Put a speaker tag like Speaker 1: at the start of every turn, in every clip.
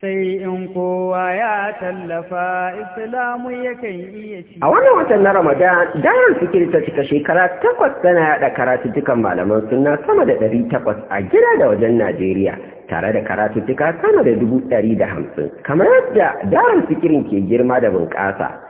Speaker 1: sai in kowa ya tallafa islamu yakan iya ci. A wannan watan na Ramadan, darin fikir ta cika shekara takwas tana yaɗa karatuttukan malaman suna sama da ɗari takwas a gida da wajen Najeriya, tare da karatuttuka sama da dubu ɗari da hamsin, kamar yadda darin fikirin ke girma da bunƙasa.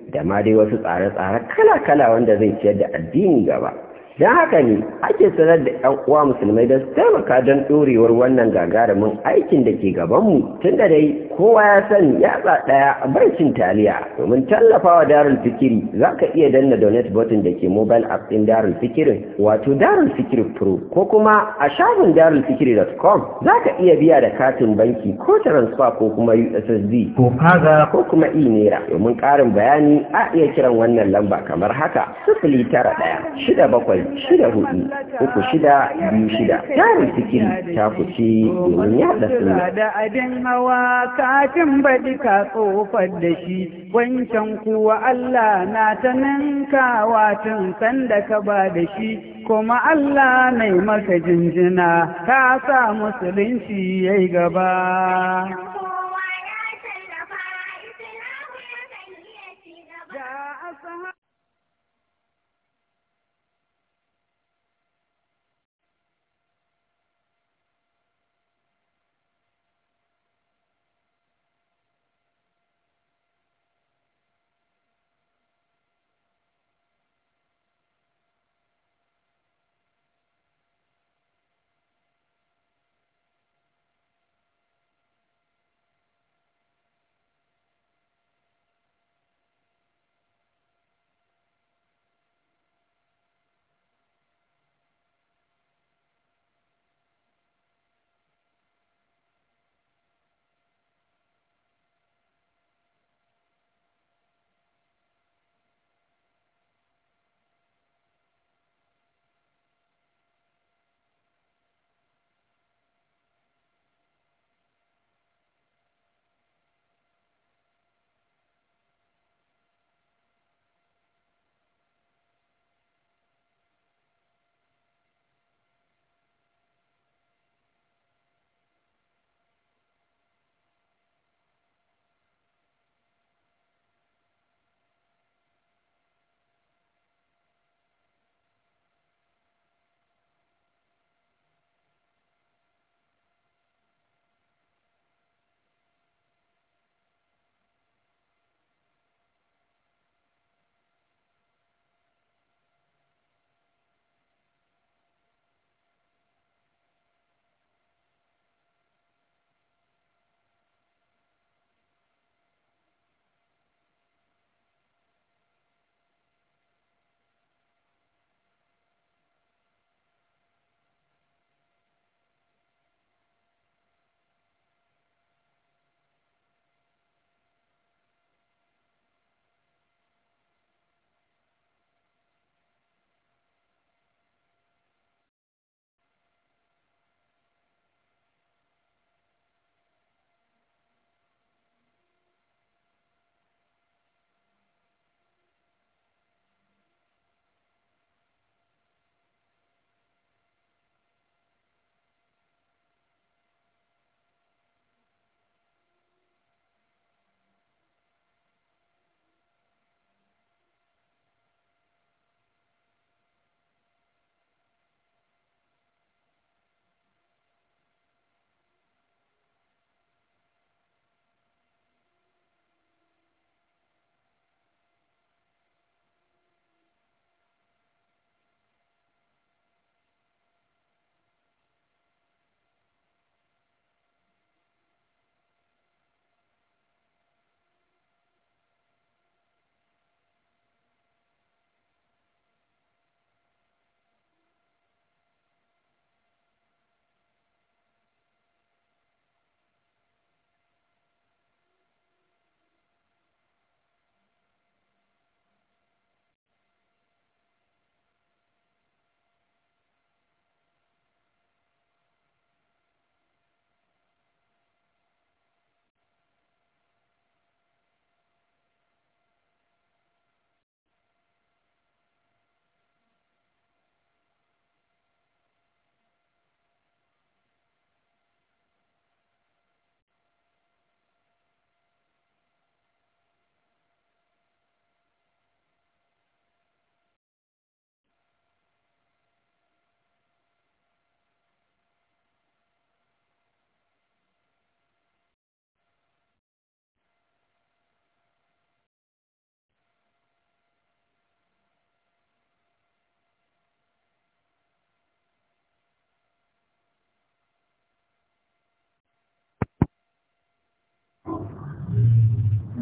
Speaker 1: da ma dai wasu tsare-tsare kala-kala wanda zai ciyar da addini gaba don haka ne ake sanar da 'yan uwa musulmai da su taimaka don ɗorewar wannan gagarumin aikin da ke gabanmu tun da dai kowa ya sani yatsa ɗaya a barcin taliya domin tallafa wa darul fikiri za ka iya danna donate button da ke mobile app ɗin darul fikirin wato darul fikiri pro ko kuma a shafin darulfikiri.com za ka iya biya da katin banki ko transfer ko kuma ussd ko faga ko kuma e naira domin ƙarin bayani a iya kiran wannan lamba kamar haka sifili tara ɗaya shida bakwai shida hudu uku shida biyu shida tarin sikiri ta kuci domin da suna. da abin hawa kafin baɗi ka tsofar da shi wancan kuwa Allah na ta ninkawa tun sanda ka ba da shi kuma Allah mai maka jinjina ka sa musulunci yayi gaba.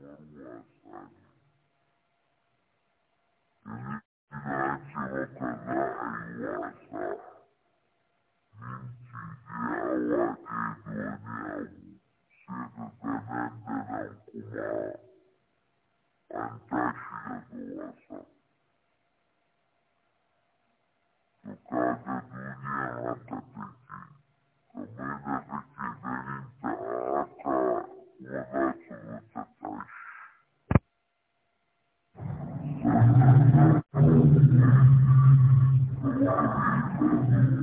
Speaker 2: Ilikilacho kadhaa aiwasa minti je awake duonia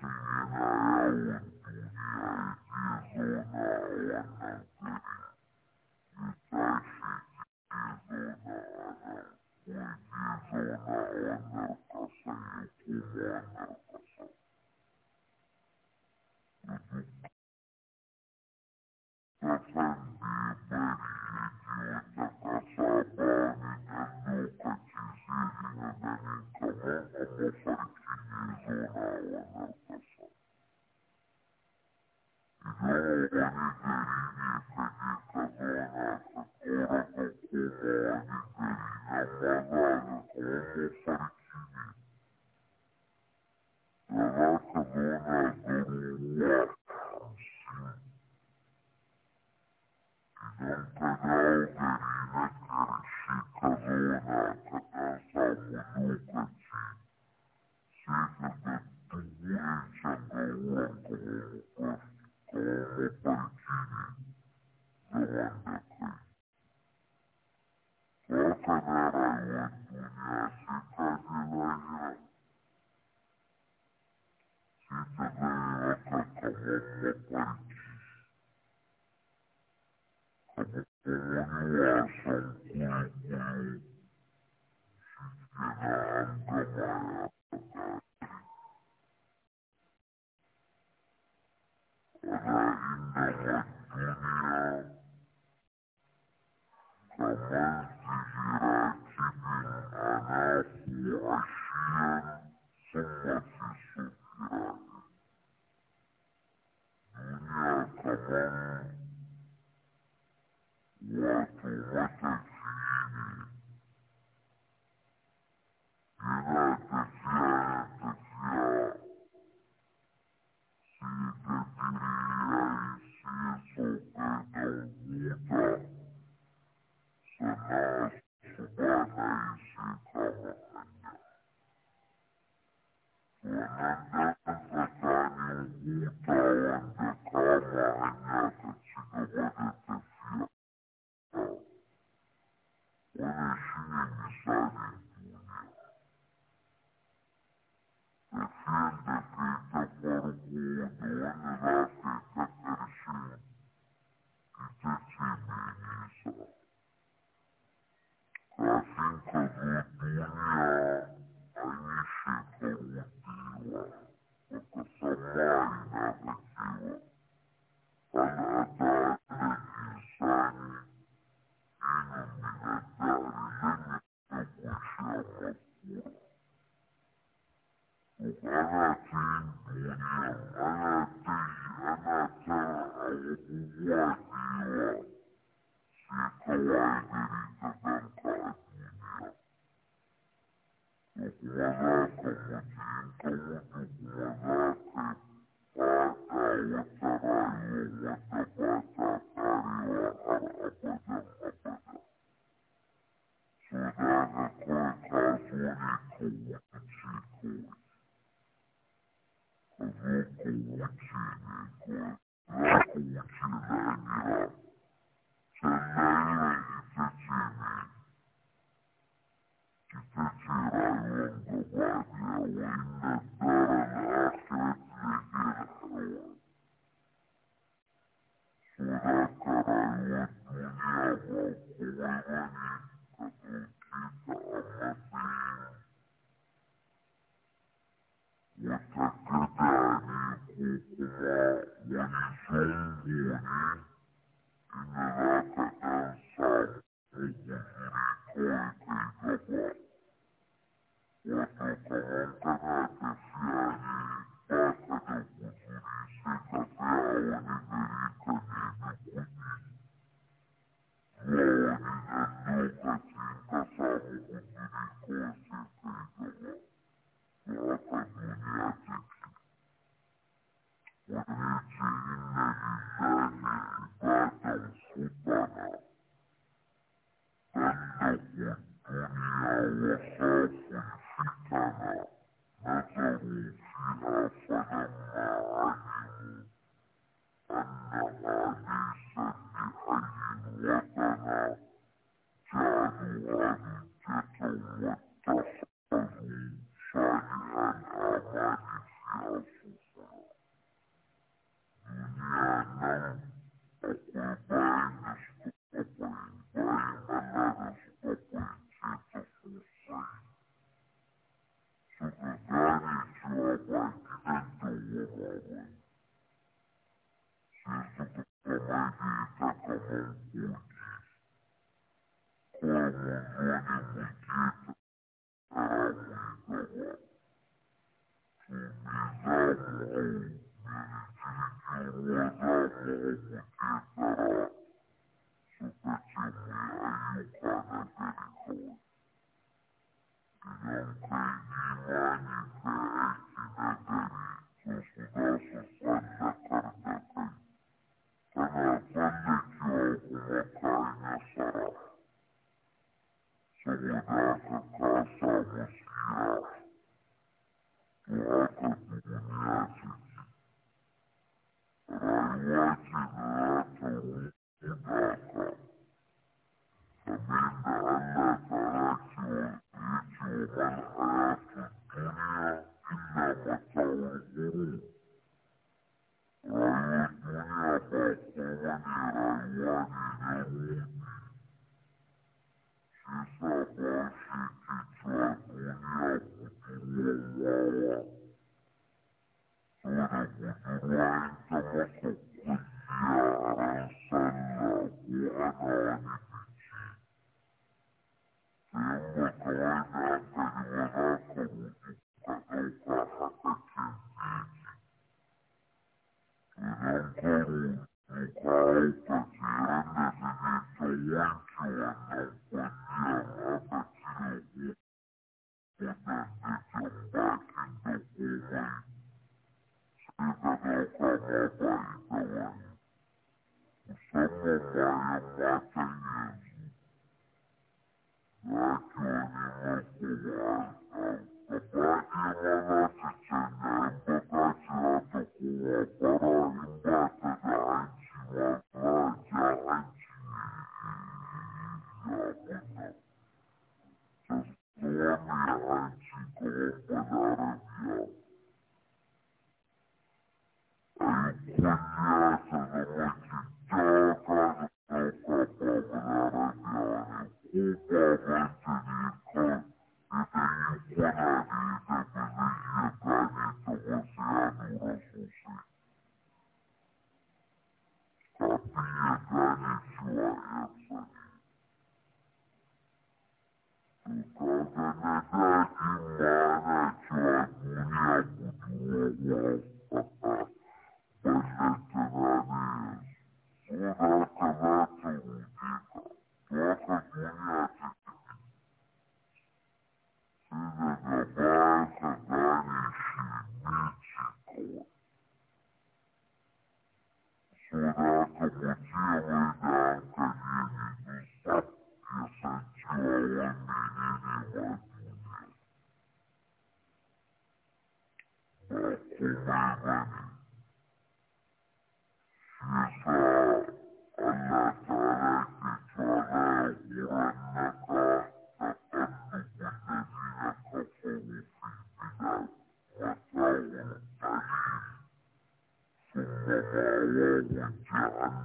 Speaker 2: problem.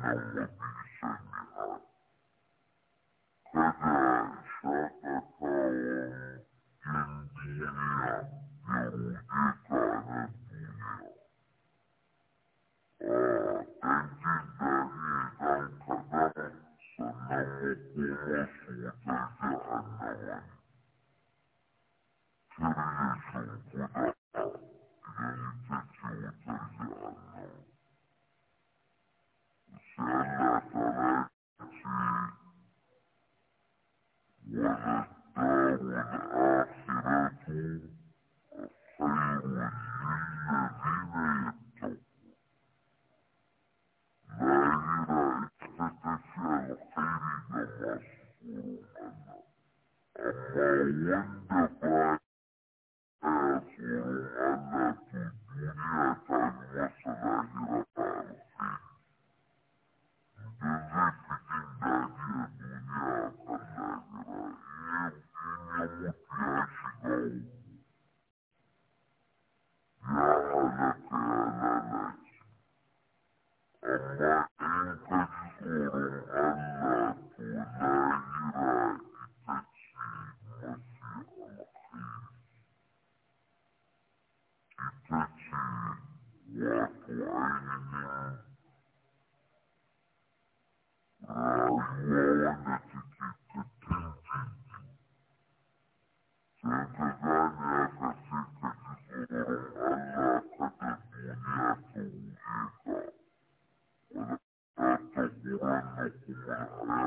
Speaker 2: Hasbro. はい。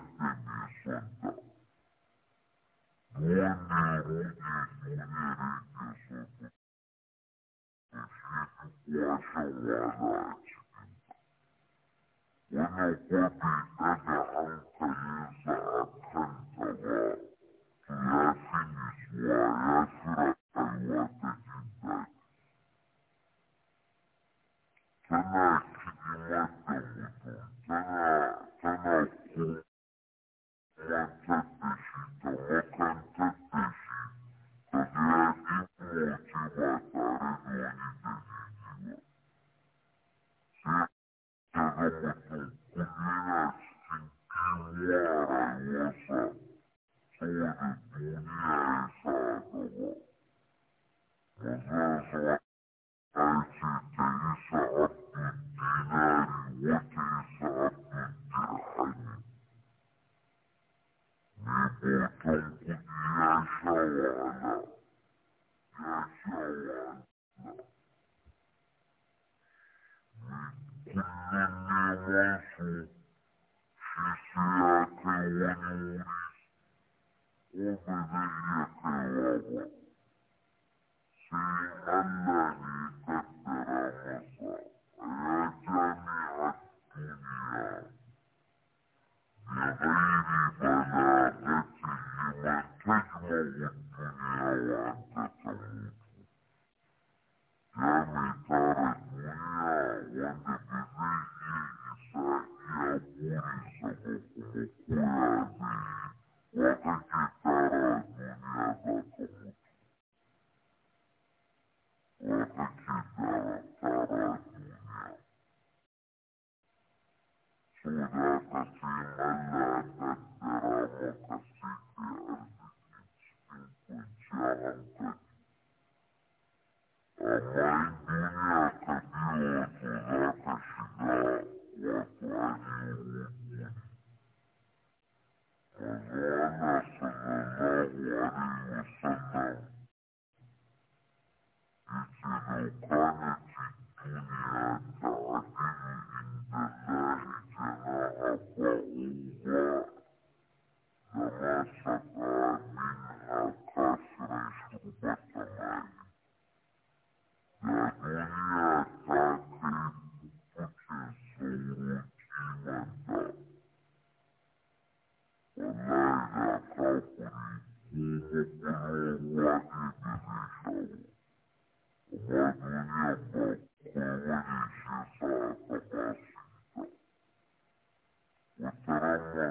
Speaker 2: Wannan kuwa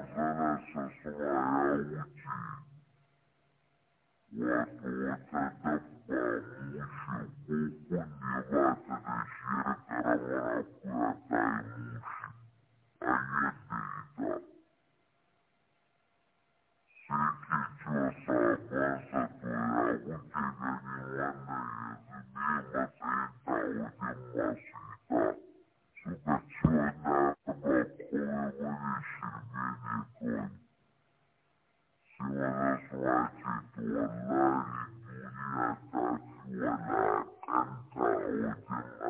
Speaker 2: les dades se sola e auie ya sudah satu biasa tadi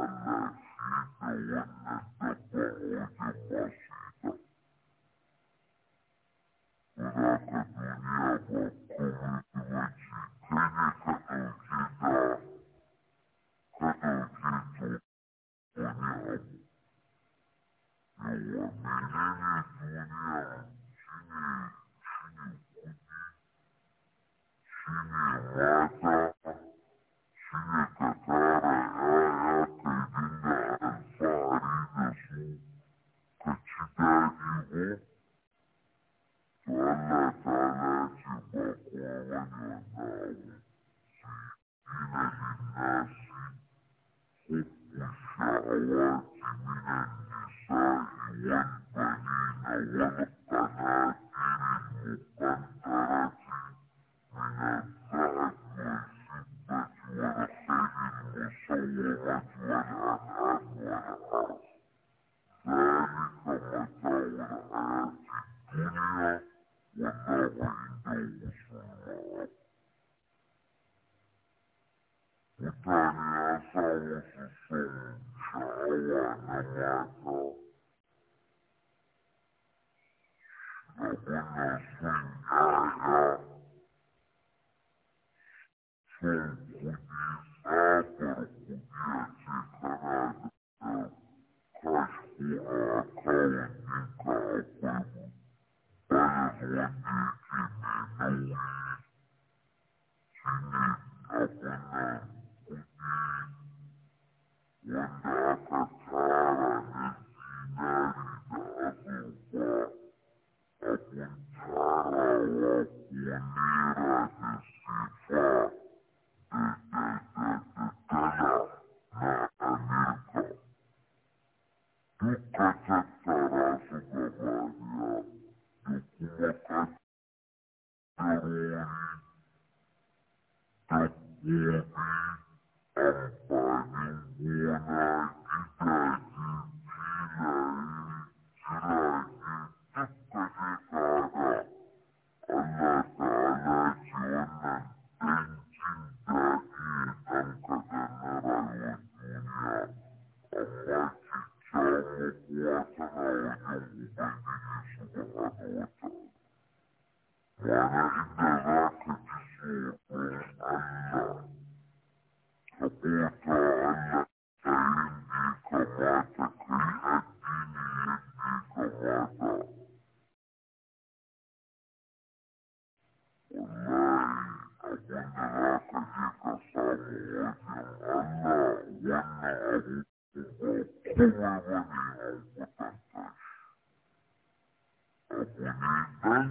Speaker 2: Huh?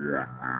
Speaker 2: Yeah.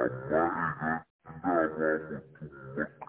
Speaker 2: Ama idan ina mamakin mutane.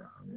Speaker 2: I mean,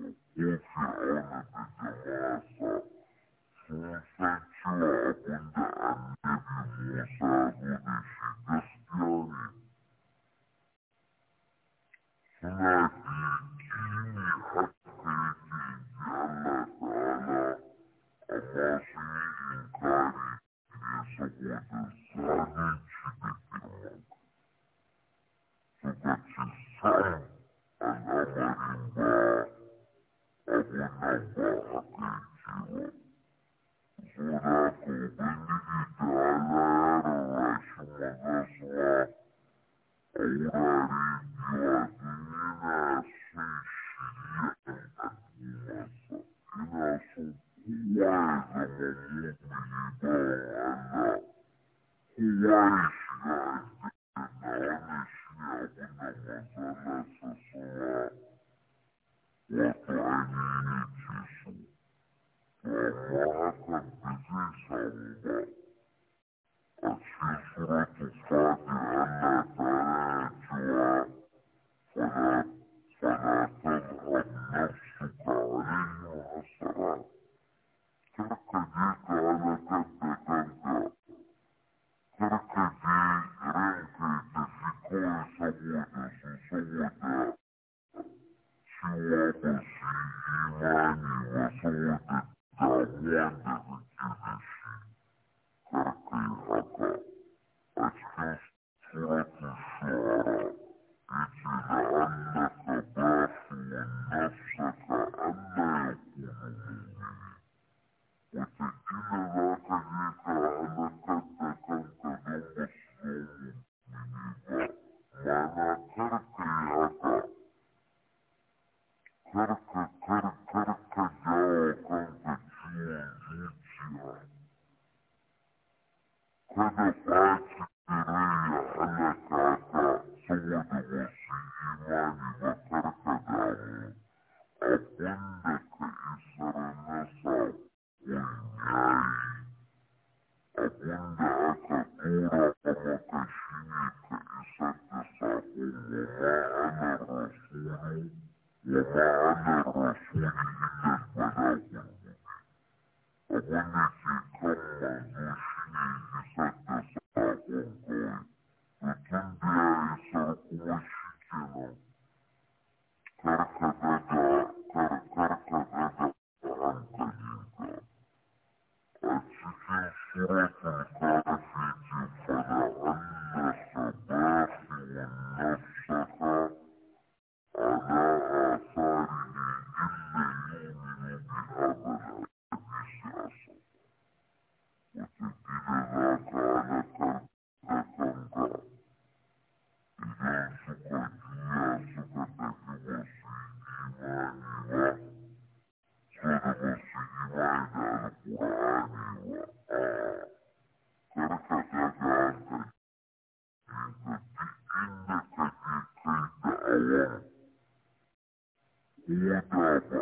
Speaker 2: Thank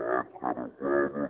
Speaker 2: you.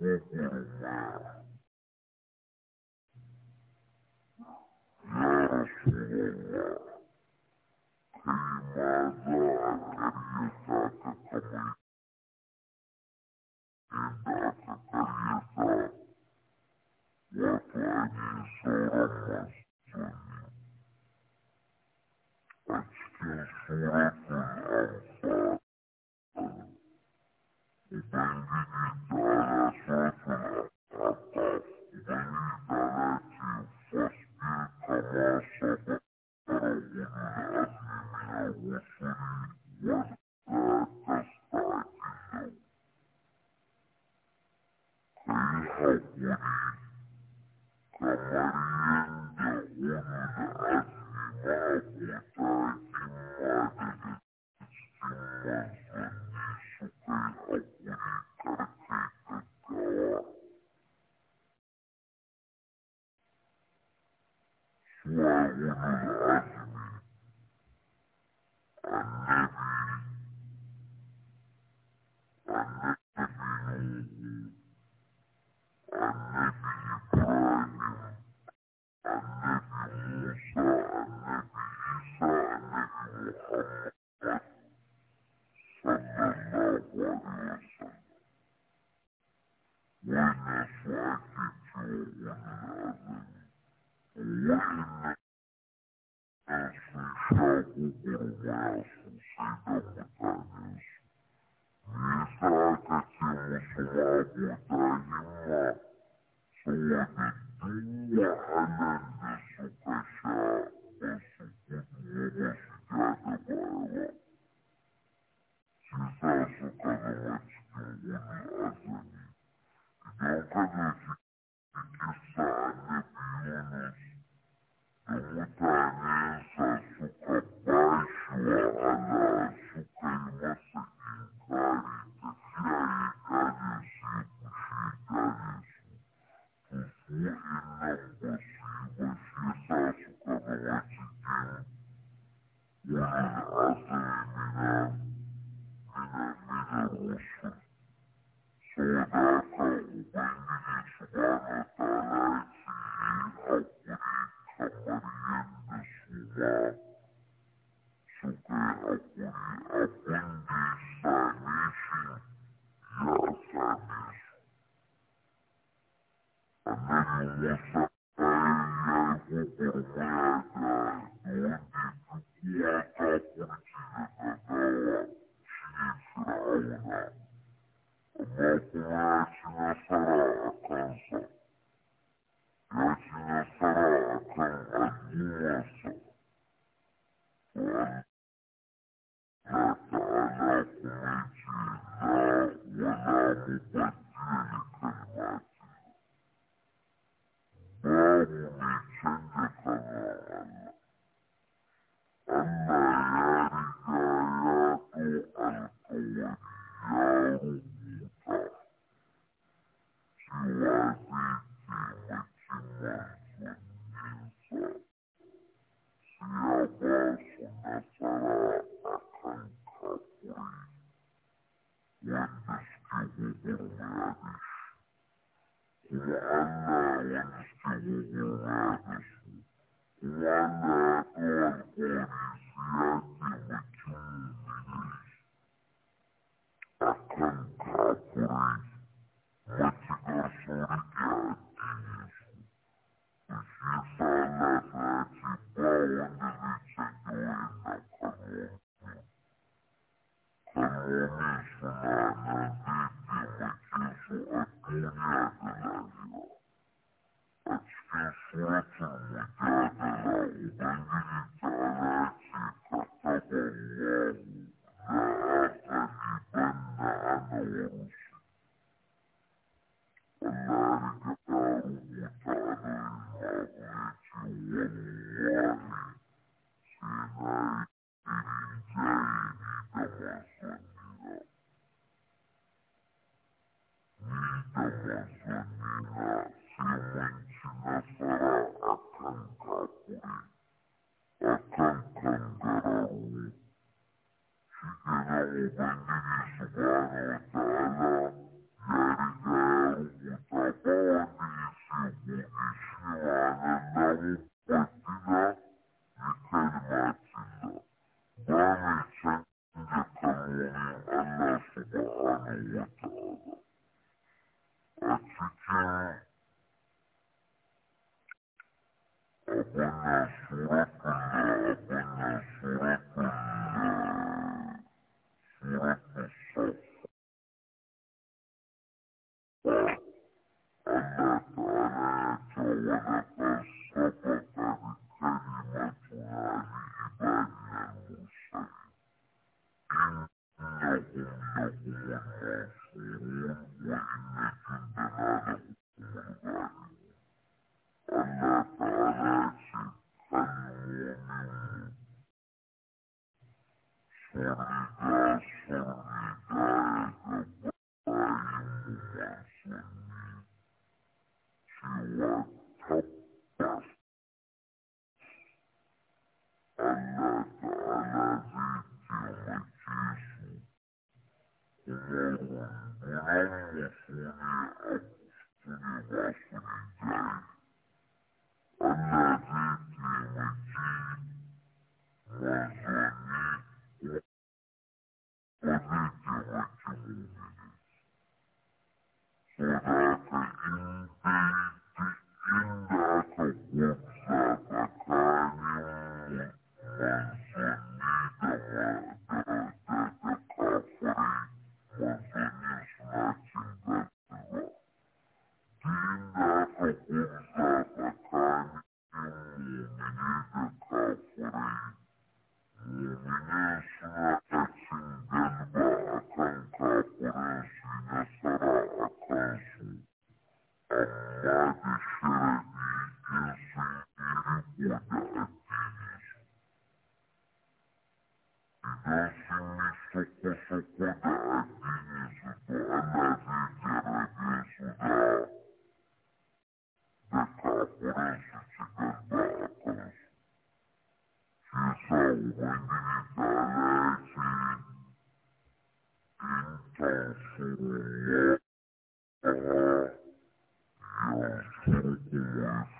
Speaker 2: This is loud. Uh, the eye. Cardinal ta de Anna wants to go back uh,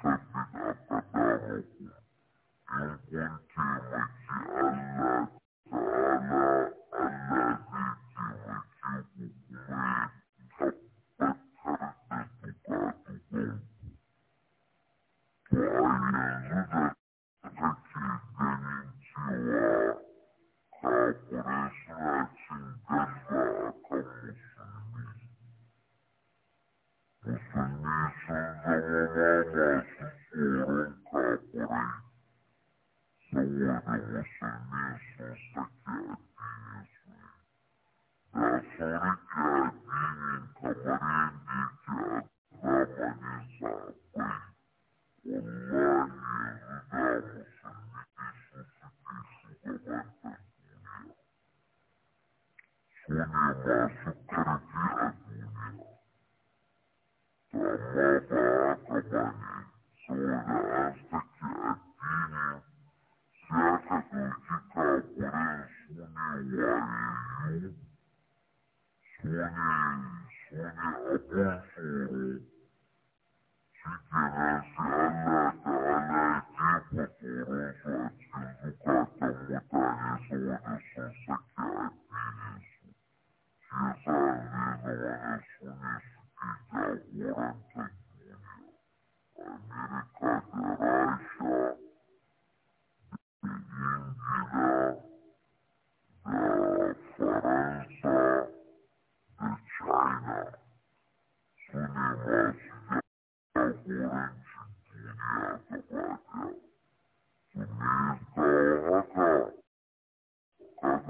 Speaker 2: che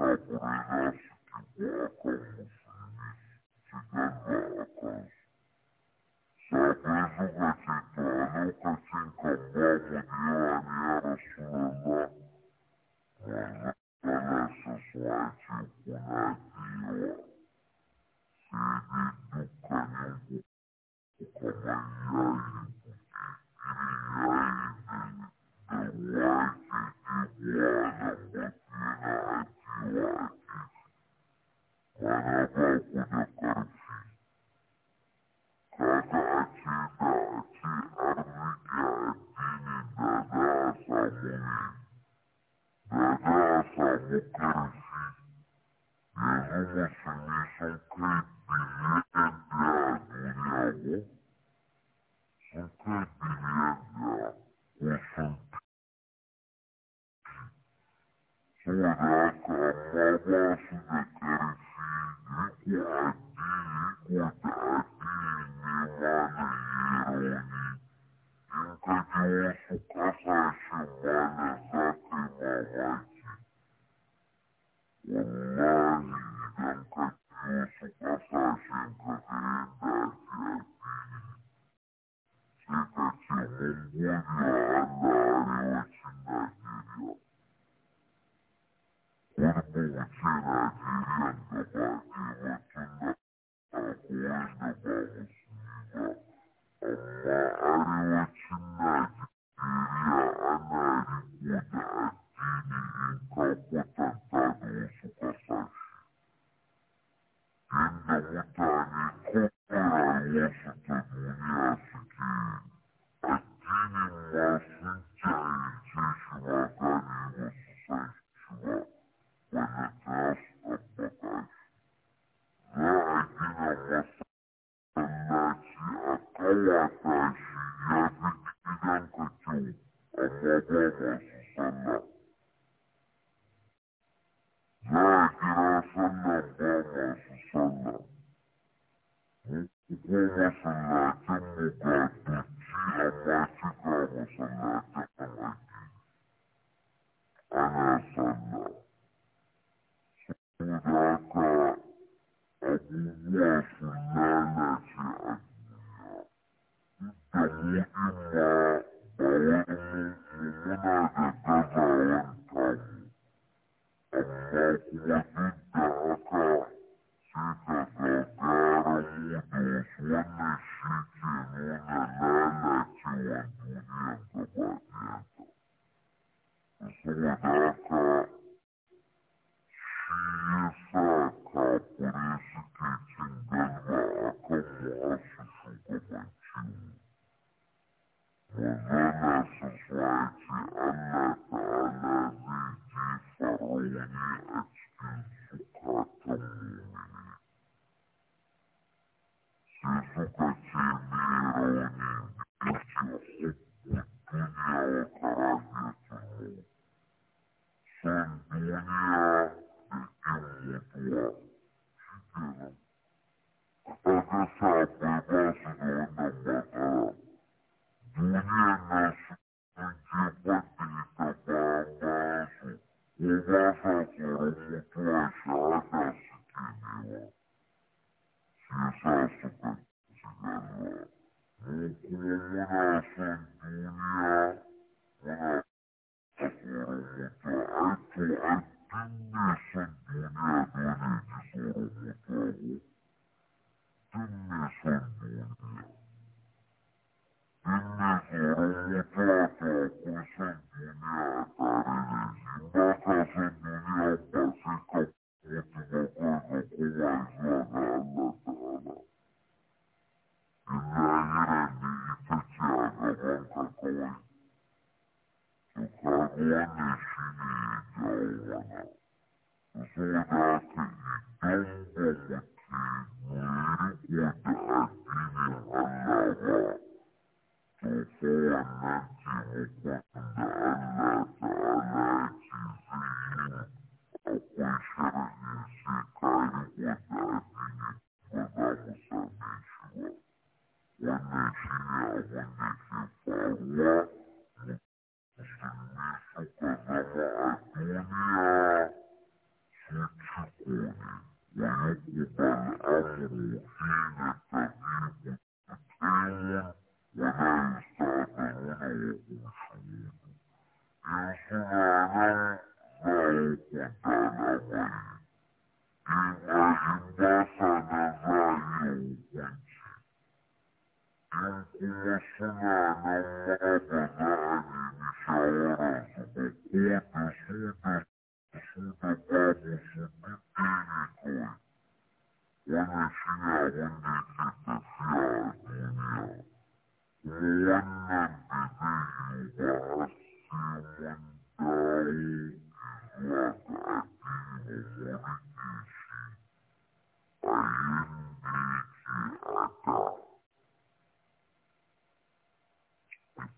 Speaker 2: Alright, bro. de que mapes de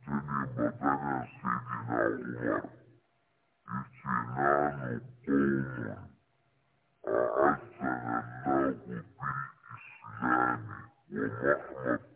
Speaker 2: tenien batallas sin inaugurar, Istinanu قوم أعزنا الله بالإسلام ومحمد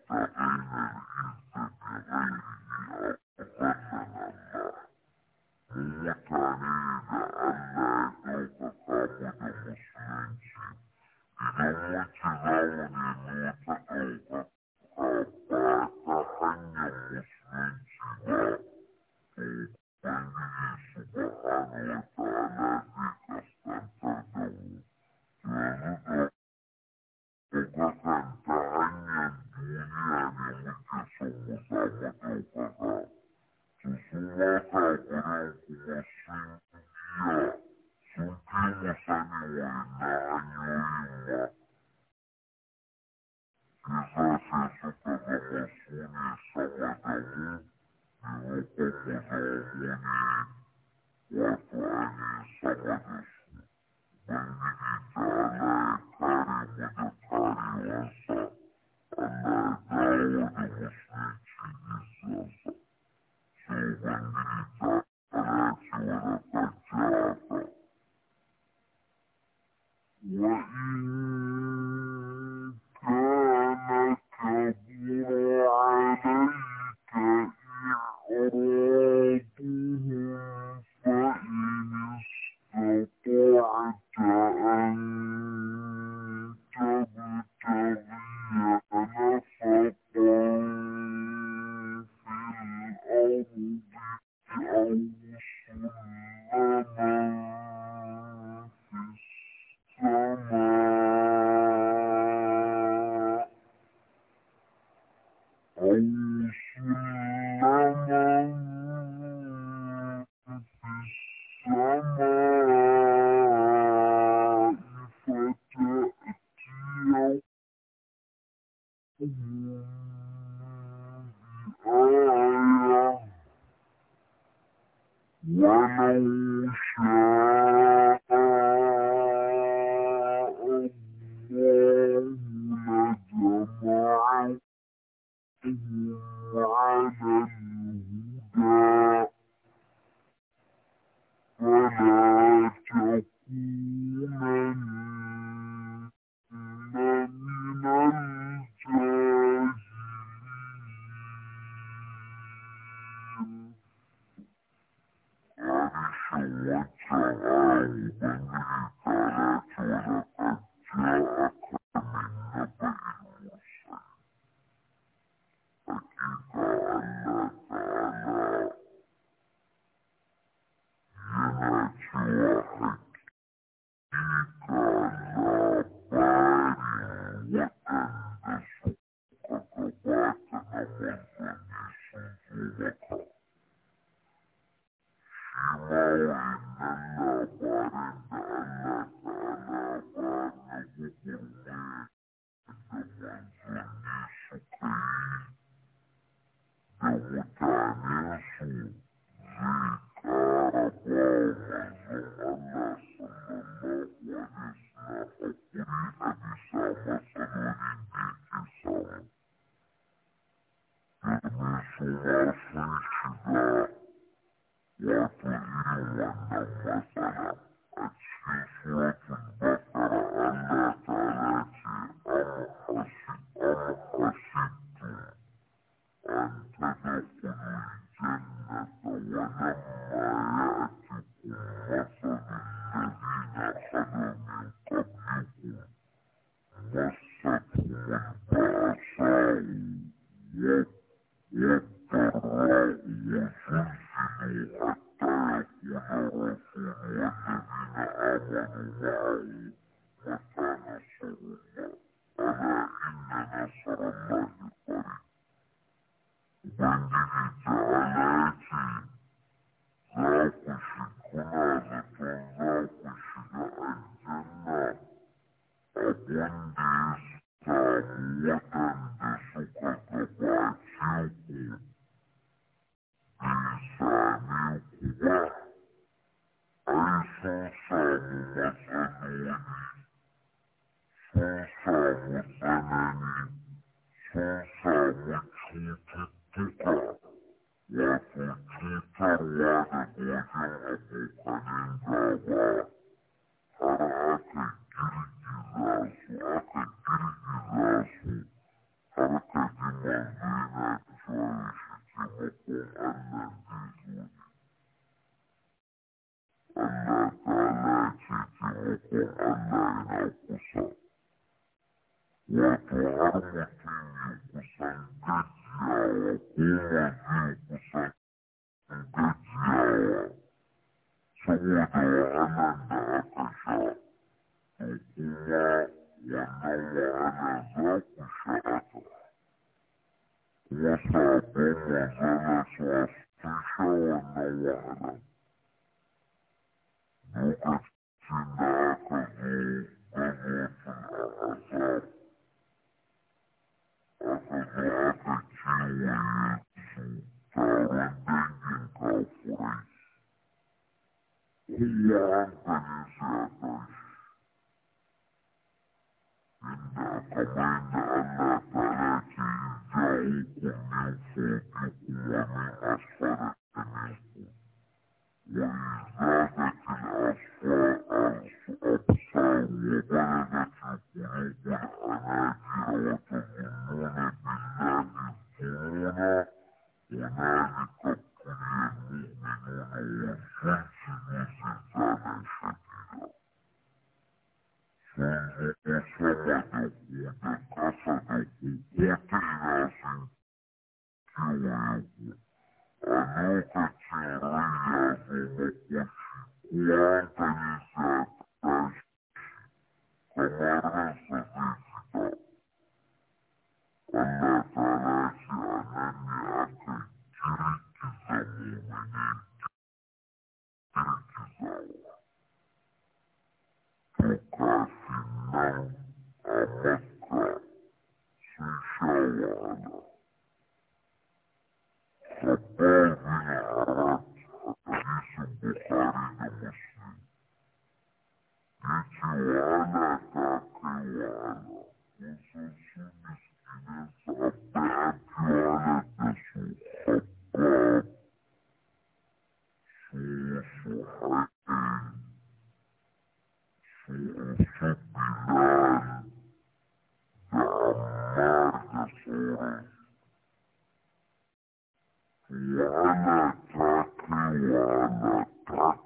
Speaker 2: espectacular.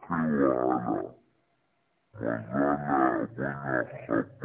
Speaker 2: Mañana voy a Japón.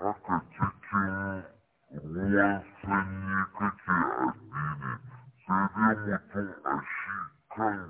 Speaker 2: haka cikin ruwan sanyi kake addini sai a shi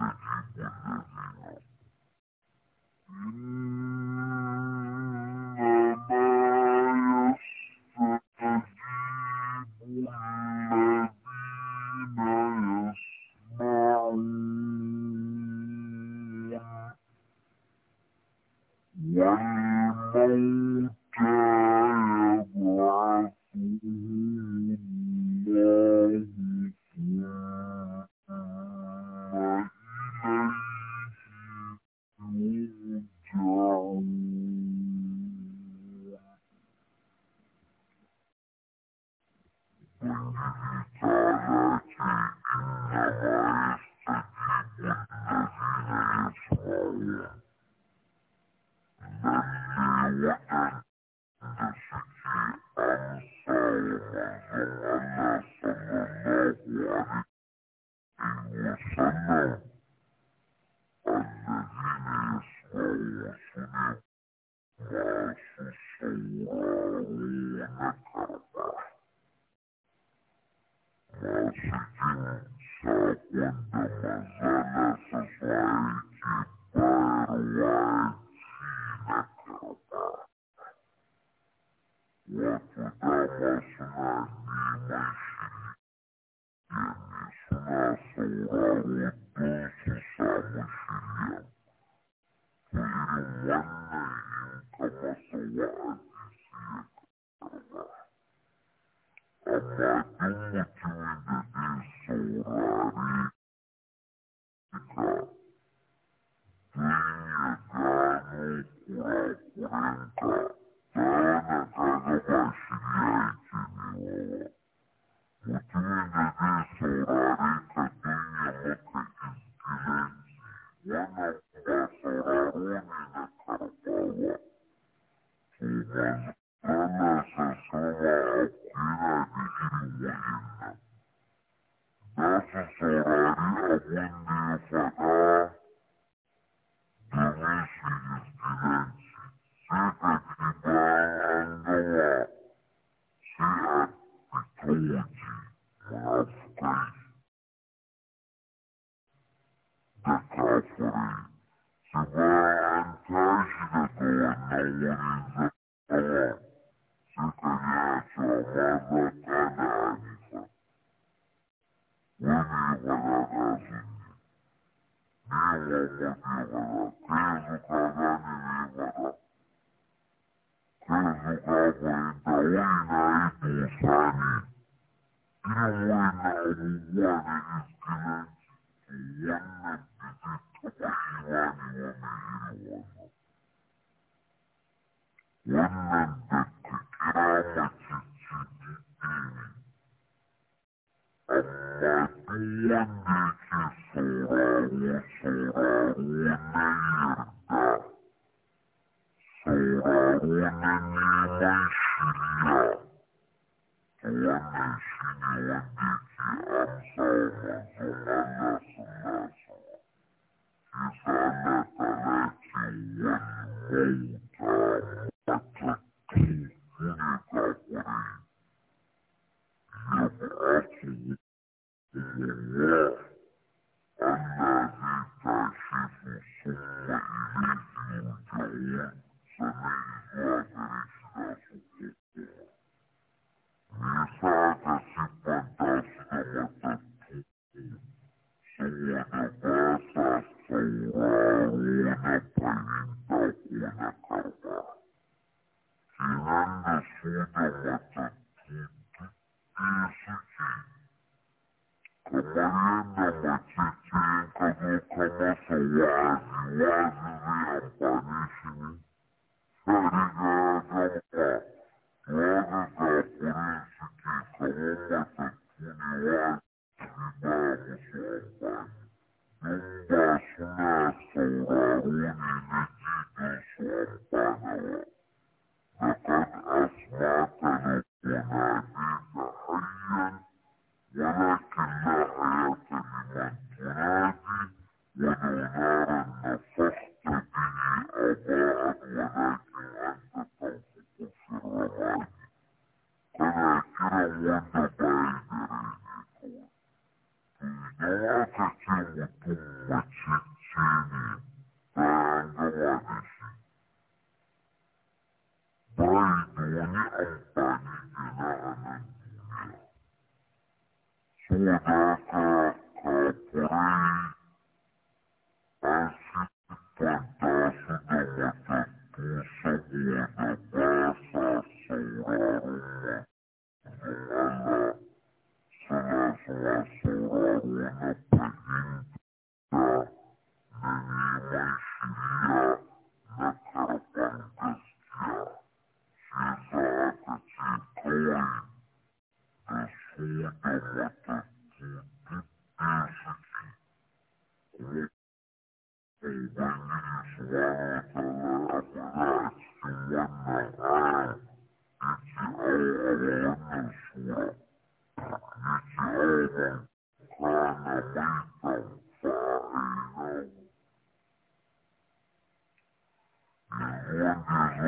Speaker 2: Uh-huh.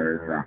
Speaker 2: or uh,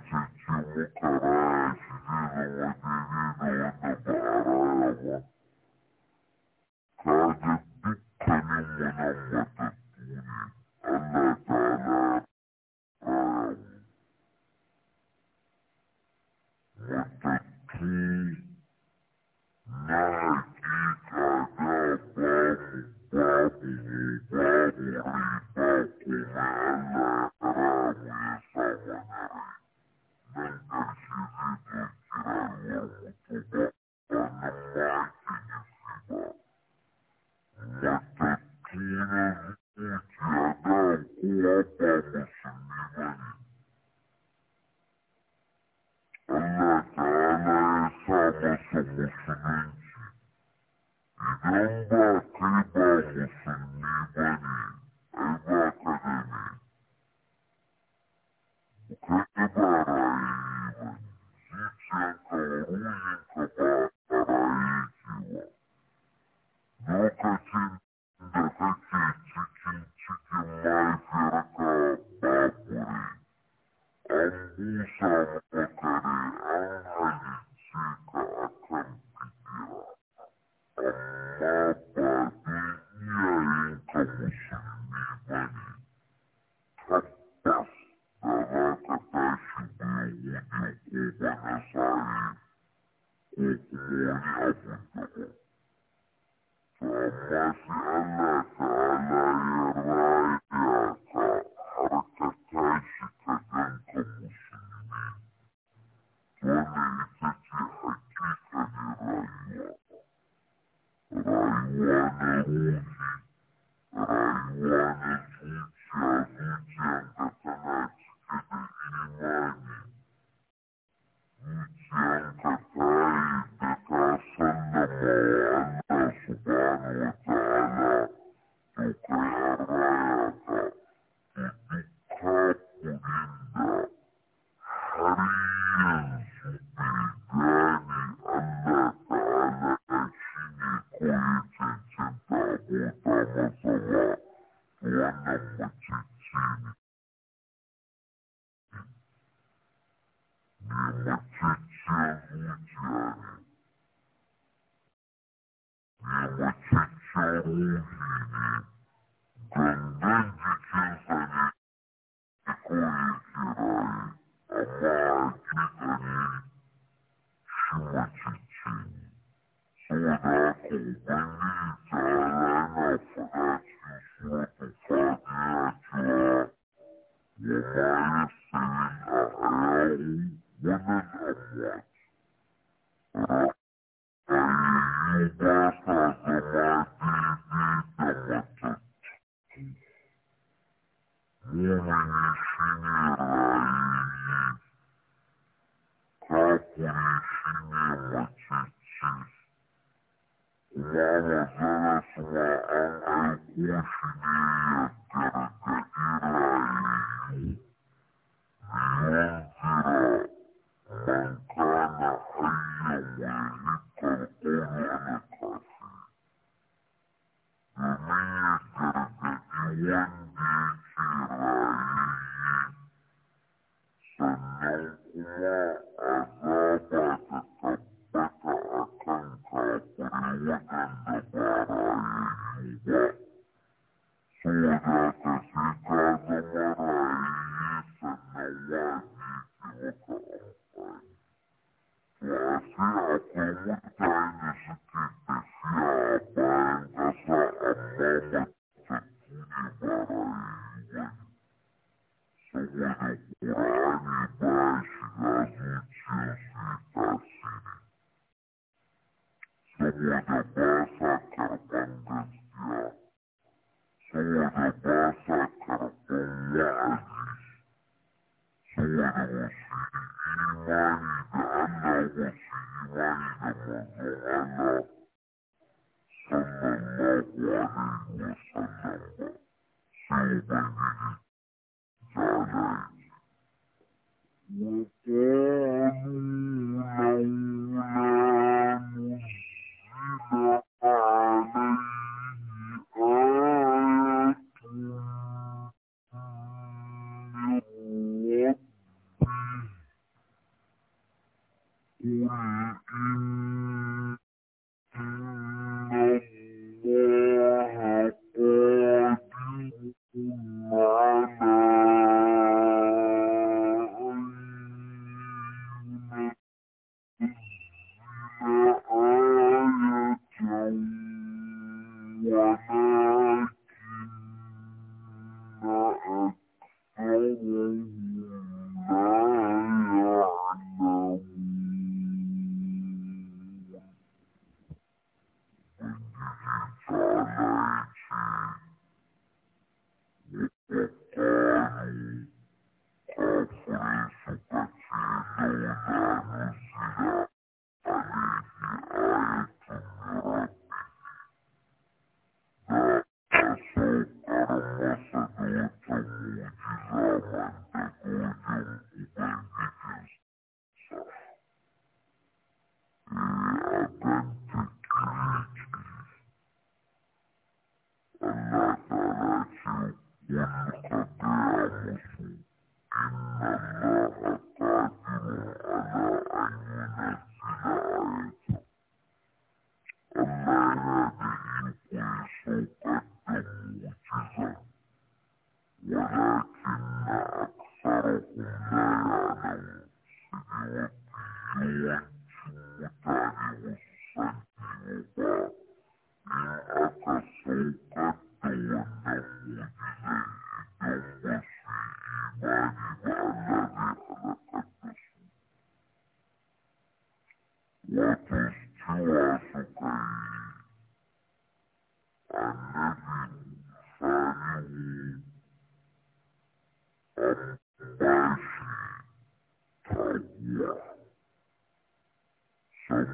Speaker 2: other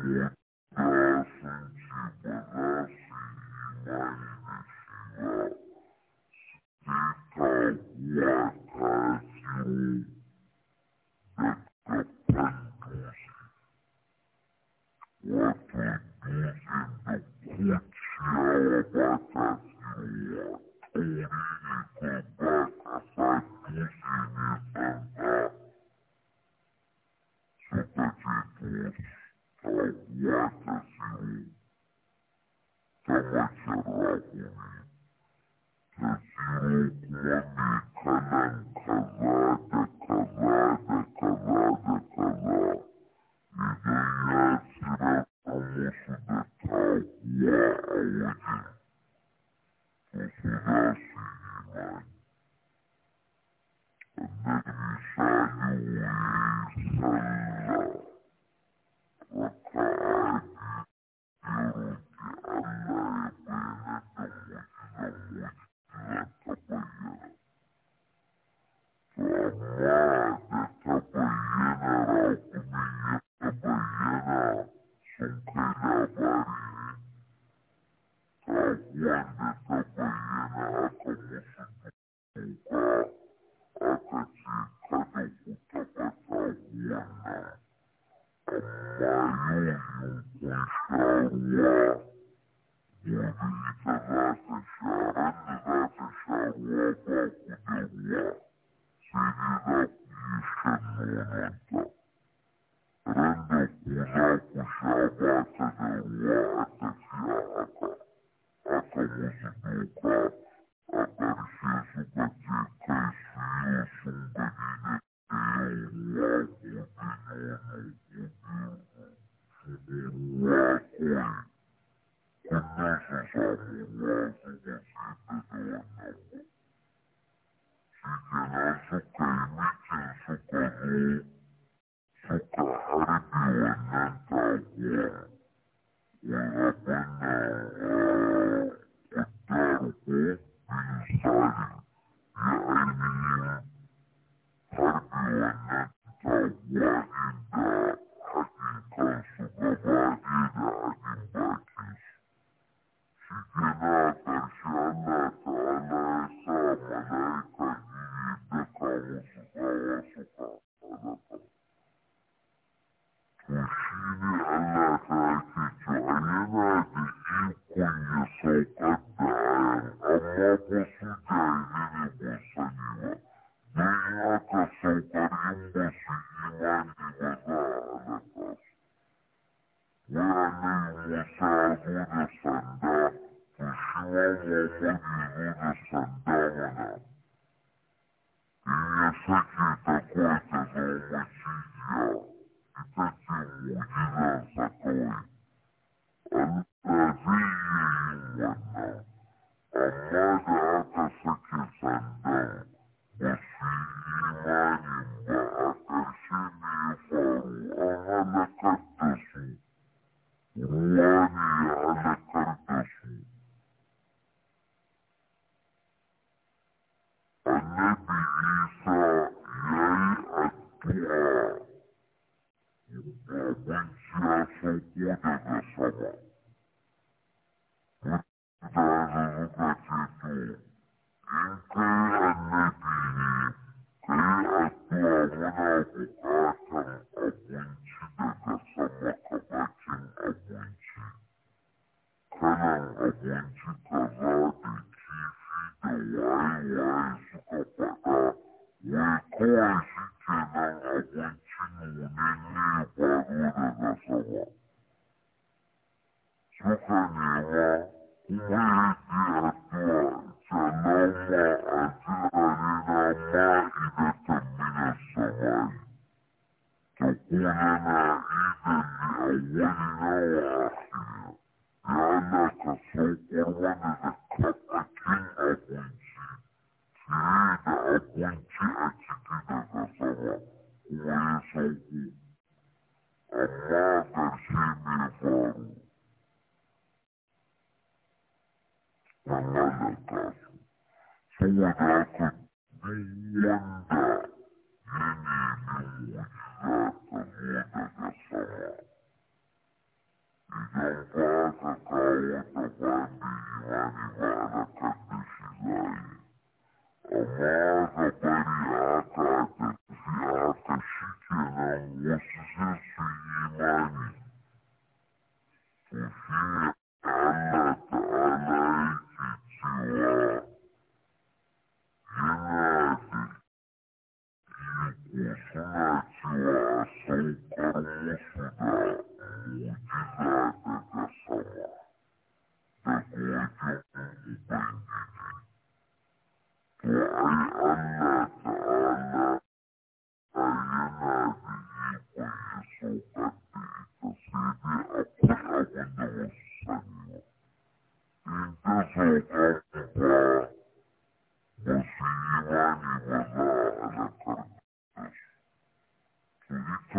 Speaker 2: yeah. Gracias.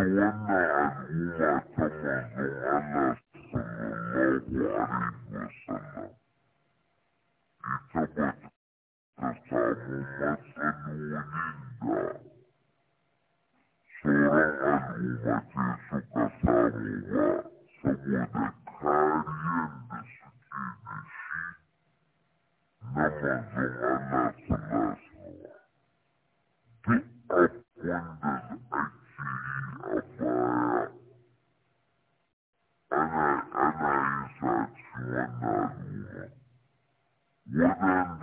Speaker 2: Se yon may ahliya pa janay anas se yon lal diyanan ya sanay e pa bat pa sa yon lal sanay yon lal Se yon may ahliya pa sa pa sa yon lal se yon lal pa sa yon lal se yon lal se yon lal se yon lal guarden